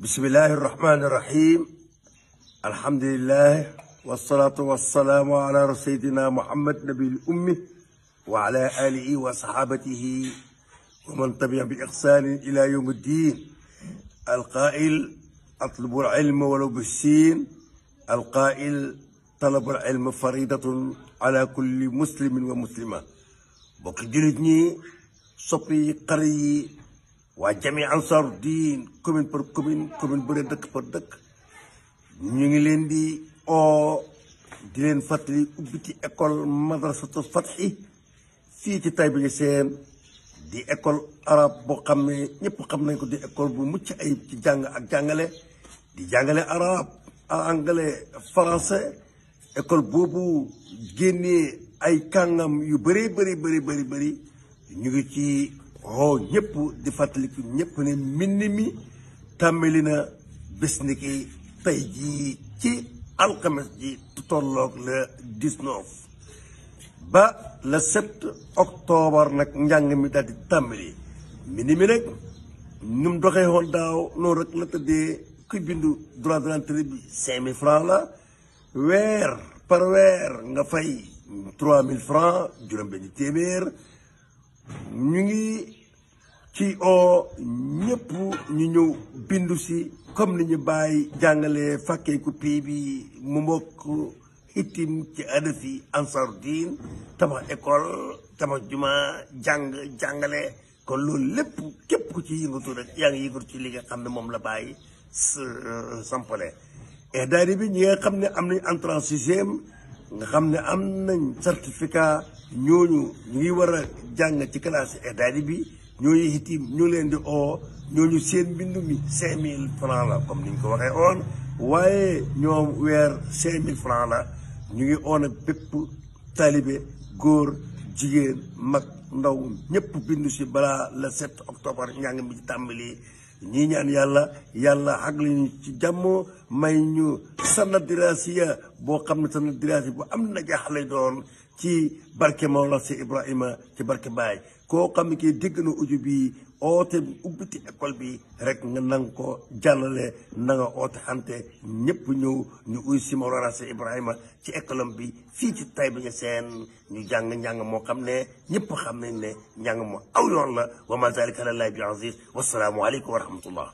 بسم الله الرحمن الرحيم الحمد لله والصلاة والسلام على سيدنا محمد نبي الأمة وعلى آله وصحابته ومن تبع بإحسان إلى يوم الدين القائل أطلب العلم ولو بالسين القائل طلب العلم فريضة على كل مسلم ومسلمة وقدرتني jullit قري wa jami ansar din commune par commune commune berdek re dekk par dekk ñu di o di ubi fatali ubbi école madrasatul fathi fi ci tay bi di école arab bo ni ñepp xam nañ ko di école bu mucc ay ci jang ak jangale di jangale arab anglais français école bobu genné ay kangam yu bari bari beri bari bari ñu ngi ci oo ñëpp di fàttaliku ñëpp ne mbind mi tàmbali na bés ni ki tey jii ci alxames ji tolloog le 19 ba la 7 octobre nag njàng mi daal di tàmbali mbind mi nag ñu doxee woon daaw noonu rek la tëddee kuy bindu droit de bi 5000 francs la weer par weer nga fay 3000 francs juróom-benni téeméer ñu ngi ci oo ñëpp ñu ñëw bindu si comme ni ñu bàyyi jàngale fàkkeeku pii bi mu mbokk itim ci adas yi ansar diin école tabax juma jàng jàngale kon loolu lépp képp ku ci yëngatu rek yaa ngi yëngatu ci li nga xam ne moom la bàyyi euh, sampale et daari bi ñi nga xam ne am nañ entrant sixième nga xam ne am nañ certificat ñooñu ngi war a jàng ci classe édadi bi ñooñu itim ñu leen di oo ñooñu seen bindu mi cinq mille francs la comme ni ñu ko waxee oon waaye ñoom weer cinq mille francs la ñu ngi oon ak bépp taalibe góor jigéen mag ndaw ñëpp bindu si bala le 7 octobre njàng mi ci tàmbali ñi ñaan yalla yalla xag ñu ci jàmm may ñu sanna diraasiya boo xam ne sanna bu am na jaaxle doon ci barke moom la si ibrahima ci barke baay koo xam ne kii na uju bii oote bi ubbiti école bi rek nga nang ko jàllale na nga oote xante ñëpp ñu ñu uy si Mawlana Ibrahima ci école bi fii ci Taïba Niassène ñu jàng njàng moo xam ne ñëpp xam nañ ne njàng moo aw yoon la wa ma zalika ala llahi bi aziz wasalaamu aleykum wa rahmatullah